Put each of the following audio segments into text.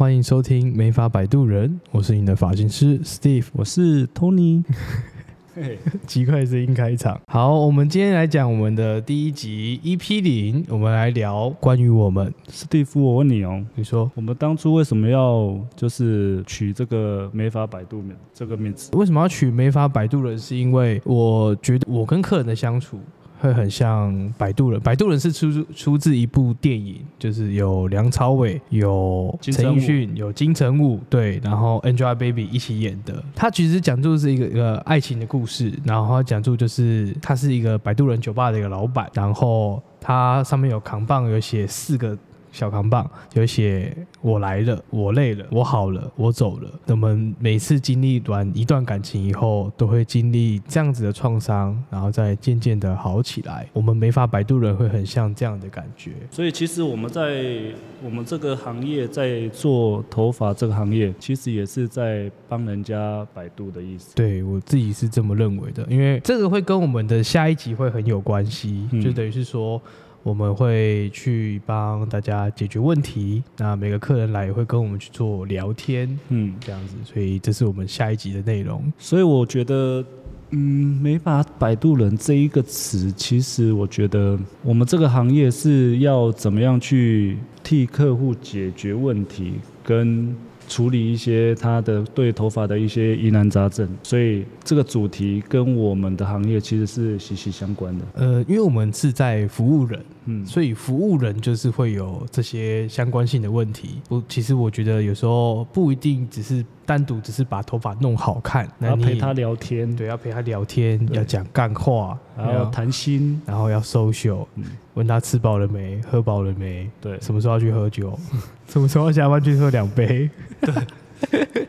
歡迎收聽《美髮擺渡人》，我是你的髮型師 Steve，我是 Tony，極快 聲音開場。好，我們今天來講我們的第一集 EP 零，我們來聊關於我們。Steve，我問你哦，你說我們當初為什麼要就是取這個美髮擺渡名這個名字？為什麼要取美髮擺渡人？是因為我覺得我跟客人的相處。會很像《擺渡人》，《擺渡人》是出出自一部電影，就是有梁朝偉、有陳奕迅、有金城武，對，然後 Angelababy 一起演的。它、嗯、其實講述是一個一個愛情的故事，然後他講述就是他是一個擺渡人酒吧的一個老闆，然後他上面有扛棒，有寫四個。小扛棒就寫我來了，我累了，我好了，我走了。我們每次經歷完一段感情以後，都會經歷這樣子的創傷，然後再漸漸的好起來。我們沒法擺渡人，會很像這樣的感覺。所以其實我們在我們這個行業，在做頭髮這個行業，其實也是在幫人家擺渡的意思。對，我自己是這麼認為的，因為這個會跟我們的下一集會很有關係，就等於是說。嗯我們會去幫大家解決問題。那每個客人來也會跟我們去做聊天，嗯，這樣子。所以這是我們下一集的內容。所以我覺得，嗯，沒法“擺渡人”這一個詞，其實我覺得我們這個行業是要怎麼樣去替客戶解決問題跟。處理一些他的對頭髮的一些疑難雜症，所以這個主題跟我們的行業其實是息息相關的。呃，因為我們是在服務人。所以服務人就是會有這些相關性的問題。我其實我覺得有時候不一定只是單獨只是把頭髮弄好看，那要陪他聊天，對，要陪他聊天，對要講幹話，然後談心，然後要 social、嗯、問他吃飽了沒，喝飽了沒，對，什麼時候要去喝酒， 什麼時候要下班去喝兩杯， 對。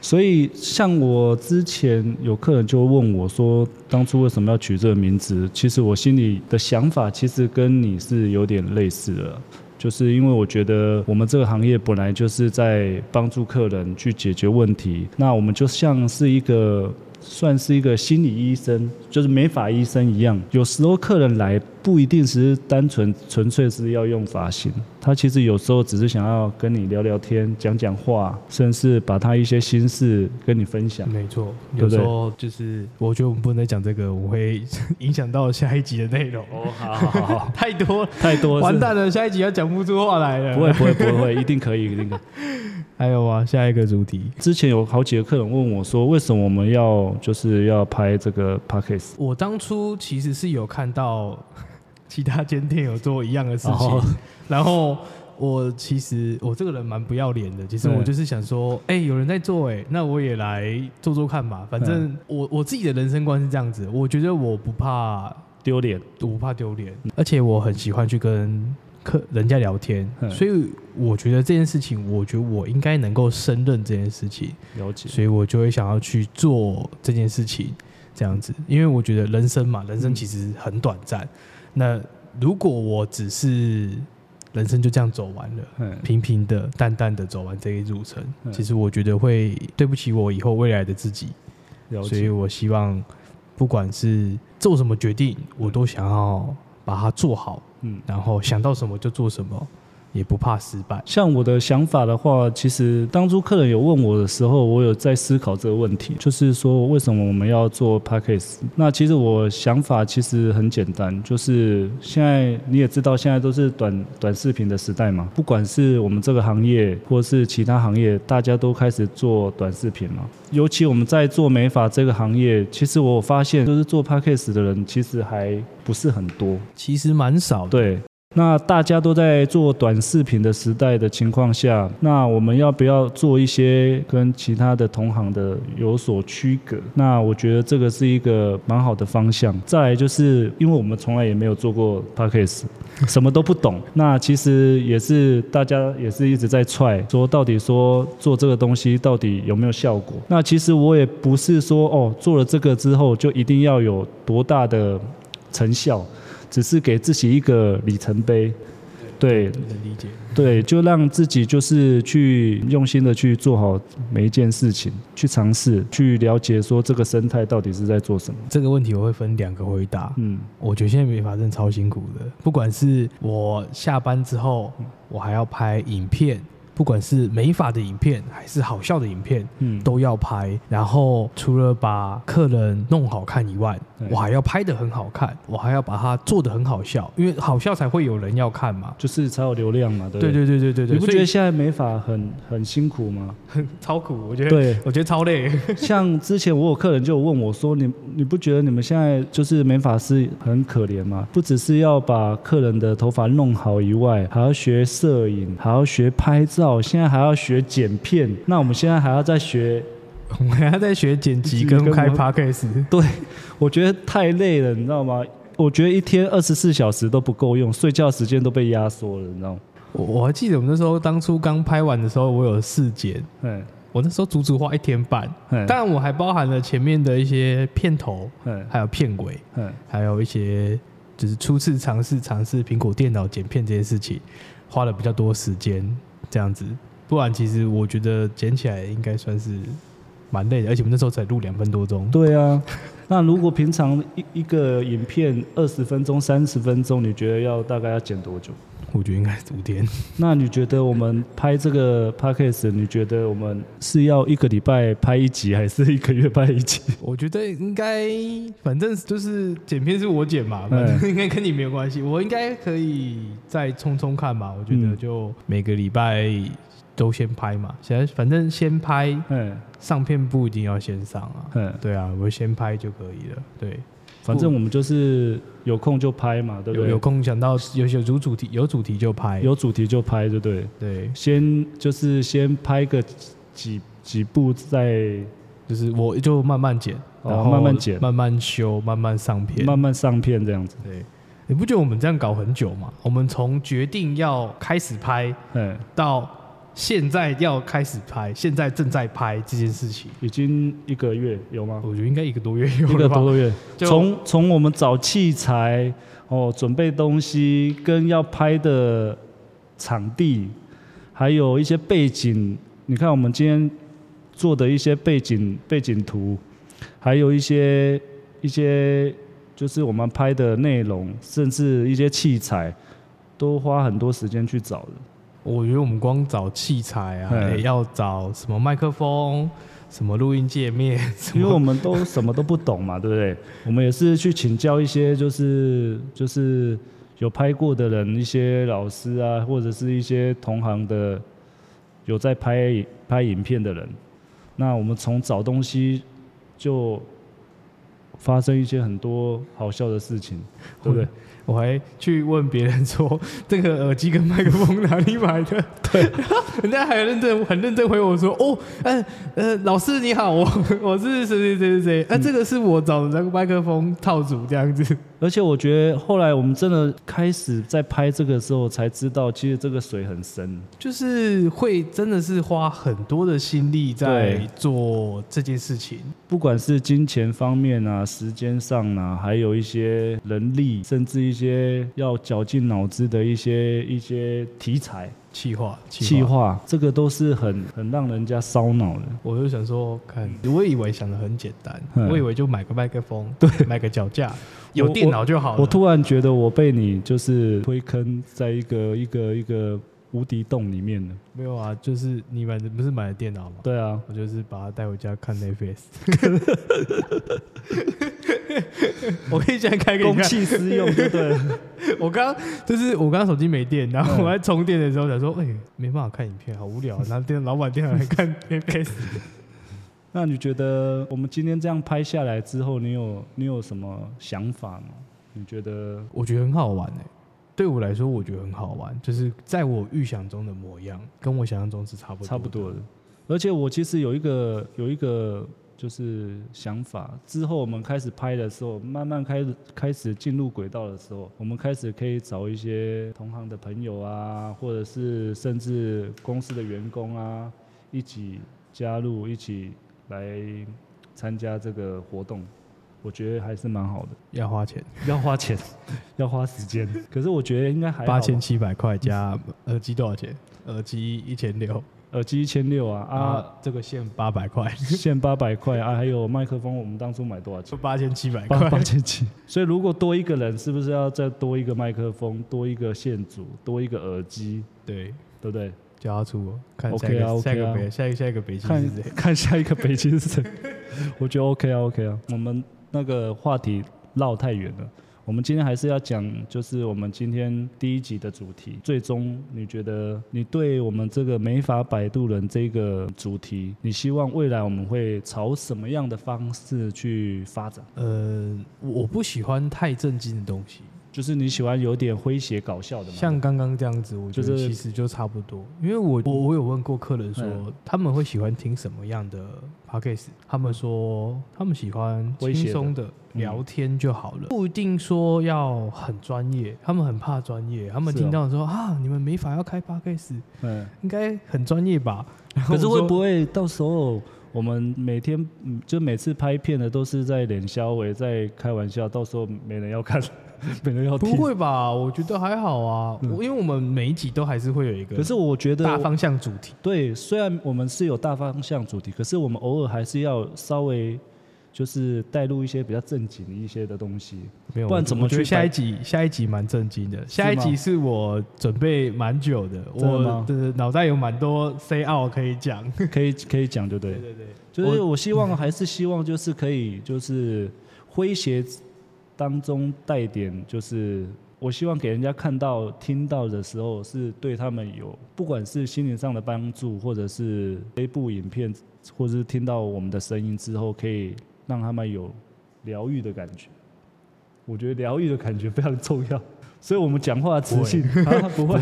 所以，像我之前有客人就問我說，當初為什麼要取這個名字？其實我心裡的想法，其實跟你是有點類似的，就是因為我覺得我們這個行業本來就是在幫助客人去解決問題，那我們就像是一個。算是一個心理醫生，就是美髮醫生一樣。有時候客人來不一定是單純純粹是要用髮型，他其實有時候只是想要跟你聊聊天，講講話，甚至把他一些心事跟你分享。沒錯，有時候對對，就是我覺得我們不能再講這個，我會影響到下一集的內容。 哦，好好好，好，太多 太多， 太多 完蛋了，下一集要講不出話來了。不會不會不會，一定可以，一定可以。還有啊，下一個主題。之前有好幾個客人問我說：“為什麼我們要就是要拍這個 podcast？” 我當初其實是有看到其他間店有做一樣的事情，oh. 然後我其實我這個人蠻不要臉的。其實我就是想說：“哎是、欸，有人在做、欸，哎，那我也來做做看吧。”反正我我自己的人生觀是這樣子，我覺得我不怕丟臉，丟臉我不怕丟臉，而且我很喜歡去跟。人家聊天，所以我覺得這件事情，我覺得我應該能夠勝任這件事情，了解，所以我就會想要去做這件事情，這樣子，因為我覺得人生嘛，人生其實很短暫，嗯、那如果我只是人生就這樣走完了，平平的、淡淡的走完這一路程，了解，其實我覺得會對不起我以後未來的自己，了解，所以我希望，不管是做什麼決定，嗯、我都想要。把它做好，嗯，然後想到什麼就做什麼。也不怕失敗。像我的想法的話，其實當初客人有問我的時候，我有在思考這個問題，就是說為什麼我們要做 podcast？那其實我想法其實很簡單，就是現在你也知道，現在都是短短視頻的時代嘛。不管是我們這個行業，或是其他行業，大家都開始做短視頻了。尤其我們在做美髮這個行業，其實我發現，就是做 podcast 的人其實還不是很多，其實蠻少。對。那大家都在做短視頻的時代的情況下，那我們要不要做一些跟其他的同行的有所區隔？那我覺得這個是一個蠻好的方向。再來就是，因為我們從來也沒有做過 p c a s e 什麼都不懂。那其實也是大家也是一直在踹，說到底說做這個東西到底有沒有效果？那其實我也不是說哦，做了這個之後就一定要有多大的成效。只是給自己一個里程碑，對，能對對理解，對， 就讓自己就是去用心的去做好每一件事情，去嘗試，去了解說這個生態到底是在做什麼。這個問題我會分兩個回答。嗯，我覺得現在美髮真的超辛苦的，不管是我下班之後，嗯、我還要拍影片。不管是美髮的影片還是好笑的影片，嗯，都要拍。然後除了把客人弄好看以外，對我還要拍得很好看，我還要把它做得很好笑，因為好笑才會有人要看嘛，就是才有流量嘛，對不對？對對對對對對。你不覺得現在美髮很以很，很辛苦嗎？很超苦，我覺得。對，我覺得超累。像之前我有客人就問我說：“你你不覺得你們現在就是美髮師很可憐嗎？不只是要把客人的頭髮弄好以外，還要學攝影，還要學拍照。”我現在還要學剪片，那我們現在還要再學， 我們還要再學剪輯跟，跟開 Podcast，對，我覺得太累了，你知道嗎？我覺得一天二十四小時都不夠用，睡覺時間都被壓縮了，你知道嗎？我還記得我們那時候當初剛拍完的時候，我有試剪，嗯嘿，我那時候足足花一天半，嘿但我還包含了前面的一些片頭，嗯嘿，還有片尾，嗯嘿，還有一些就是初次嘗試嘗試蘋果電腦剪片這件事情，花了比較多時間。這樣子，不然其實我覺得剪起來應該算是蠻累的，而且我們那時候才錄兩分多鐘。對啊，那如果平常一 一個影片二十分鐘、三十分鐘，你覺得要大概要剪多久？我覺得應該是五天。 那你覺得我們拍這個 p o c a s t 你覺得我們是要一個禮拜拍一集，還是一個月拍一集？我覺得應該，反正就是剪片是我剪嘛，反正應該跟你沒有關係。嗯、我應該可以再衝衝看吧？我覺得就、嗯、每個禮拜都先拍嘛，先反正先拍。嗯。上片不一定要先上啊。嗯。對啊，我先拍就可以了。對。反正我們就是有空就拍嘛，對不對？有，有空想到有有主主題，有主題就拍，有主題就拍就對，對對？對，先就是先拍個幾幾幾部，再就是我就慢慢剪，然後慢慢剪，慢慢修，慢慢上片，慢慢上片這樣子。對，你不覺得我們這樣搞很久嗎？我們從決定要開始拍，嗯，到。現在要開始拍，現在正在拍這件事情，已經一個月有嗎？我覺得應該一個多月有了。一個多、多月，就，從從我們找器材，哦，準備東西跟要拍的場地，還有一些背景，你看我們今天做的一些背景背景圖，還有一些一些就是我們拍的內容，甚至一些器材，都花很多時間去找的。我覺得我們光找器材啊，要找什麼麥克風、什麼錄音介面，因為我們都什麼都不懂嘛， 對不對？我們也是去請教一些，就是就是有拍過的人，一些老師啊，或者是一些同行的有在拍拍影片的人。那我們從找東西就。發生一些很多好笑的事情，對不對？ 我還去問別人說：“這個耳機跟麥克風哪裡買的？” 對， 人家還有認真，很認真回我說：“哦，哎、欸，呃，老師你好，我我是誰誰誰誰誰，啊，嗯、這個是我找的那個麥克風套組這樣子。”而且我覺得後來我們真的開始在拍這個時候，才知道其實這個水很深，就是會真的是花很多的心力在做這件事情。不管是金錢方面啊，時間上啊，還有一些人力，甚至一些要絞盡腦汁的一些一些題材、企劃企劃，劃劃這個都是很很讓人家燒腦的。我就想說，看，我以為想的很簡單，哼我以為就買個麥克風，對，買個腳架，我有電腦就好了我。我突然覺得我被你就是推坑在一個一個一個。一個無敵洞裡面的沒有啊，就是你買的不是買的電腦嗎？對啊，我就是把它帶回家看 NFS。 我可以現在開個公器私用，對不對？ 我剛就是我剛手機沒電，然後我在充電的時候想說，哎、欸，沒辦法看影片，好無聊啊！拿電老板電腦來看 NFS。 那你覺得我們今天這樣拍下來之後，你有你有什麼想法嗎？你覺得？我覺得很好玩哎、欸。對我來說，我覺得很好玩，就是在我預想中的模樣，跟我想象中是差不多差不多的。而且我其實有一個有一個就是想法，之後我們開始拍的時候，慢慢開始開始進入軌道的時候，我們開始可以找一些同行的朋友啊，或者是甚至公司的員工啊，一起加入，一起來參加這個活動。我覺得還是蠻好的，要花錢，要花錢，要花時間。可是我覺得應該還八千七百塊加耳機多少錢？耳機一千六，耳機一千六啊啊，啊！這個線八百塊，線八百塊啊！還有麥克風，我們當初買多少錢？八千七百塊，八千七。所以如果多一個人，是不是要再多一個麥克風，多一個線組，多一個耳機？對，對不對？加組，OK 啊，OK 啊，下一個，下一個北京，看下一個北京是誰？ 我覺得 OK 啊，OK 啊，我們。那個話題繞太遠了，我們今天還是要講，就是我們今天第一集的主題。最終你覺得，你對我們這個美髮擺渡人這個主題，你希望未來我們會朝什麼樣的方式去發展？呃，我不喜歡太正經的東西。就是你喜歡有點詼諧搞笑的嗎？像剛剛這樣子，我覺得其實就差不多。因為我我我有問過客人說他們會喜歡聽什麼樣的 podcast，他們說他們喜歡輕鬆的聊天就好了，不一定說要很專業。他們很怕專業，他們聽到說啊，你們沒法要開 podcast，應該很專業吧？可是會不會到時候我們每天就每次拍片的都是在練肖話，在開玩笑，到時候沒人要看？不會吧？我覺得還好啊，因為我們每一集都還是會有一個，可是我覺得大方向主題對，雖然我們是有大方向主題，可是我們偶爾還是要稍微就是帶入一些比較正經一些的東西，沒有，不然怎麼去？下一集，下一集蠻正經的，下一集是我準備蠻久的，我的腦袋有蠻多 say out 可以講，可以可以講就對，對對對，就是我希望還是希望就是可以就是詼諧。當中帶點，就是我希望給人家看到、聽到的時候，是對他們有，不管是心理上的幫助，或者是一部影片，或者是聽到我們的聲音之後，可以讓他們有療癒的感覺。我覺得療癒的感覺非常重要，所以我們講話的磁性，他不會，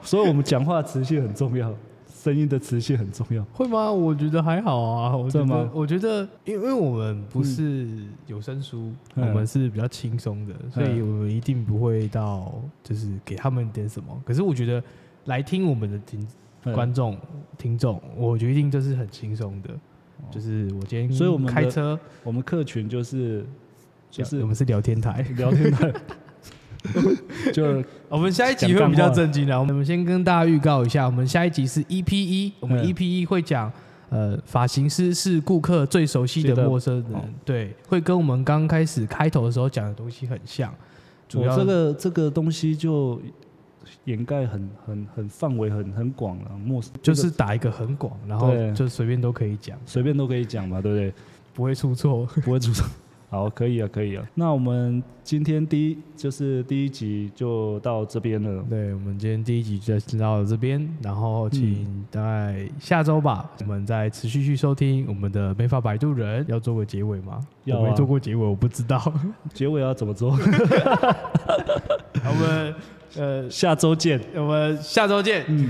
所以我們講話的磁性很重要。聲音的磁性很重要，會嗎？我覺得還好啊。對嗎？我覺得，嗎我覺得因為我們不是有聲書，嗯、我們是比較輕鬆的，嗯、所以我們一定不會到，就是給他們點什麼。嗯、可是我覺得來聽我們的聽、嗯、觀眾聽眾，我覺得這是很輕鬆的，嗯、就是我今天，所以我們開車，我們客群就是就是我們是聊天台聊天台。 就我們下一集會比較震驚的，我們先跟大家預告一下，我們下一集是 E P 一，我們 E P 一會講，呃，髮型師是顧客最熟悉的陌生人，對，會跟我們剛開始開頭的時候講的東西很像。主要這個這個東西就掩蓋很很很範圍很很廣了，陌生就是打一個很廣，然後就隨便都可以講，隨便都可以講嘛，對不對？不會出錯，不會出錯。好，可以啊，可以啊。那我們今天第一就是第一集就到這邊了。對，我們今天第一集就到了這邊，然後請大概下周吧，嗯、我們再持續去收聽我們的《美髮擺渡人》，要做個結尾嗎？要、啊、我沒做過結尾，我不知道結尾要怎麼做。我們呃下周見， 我們下周見。嗯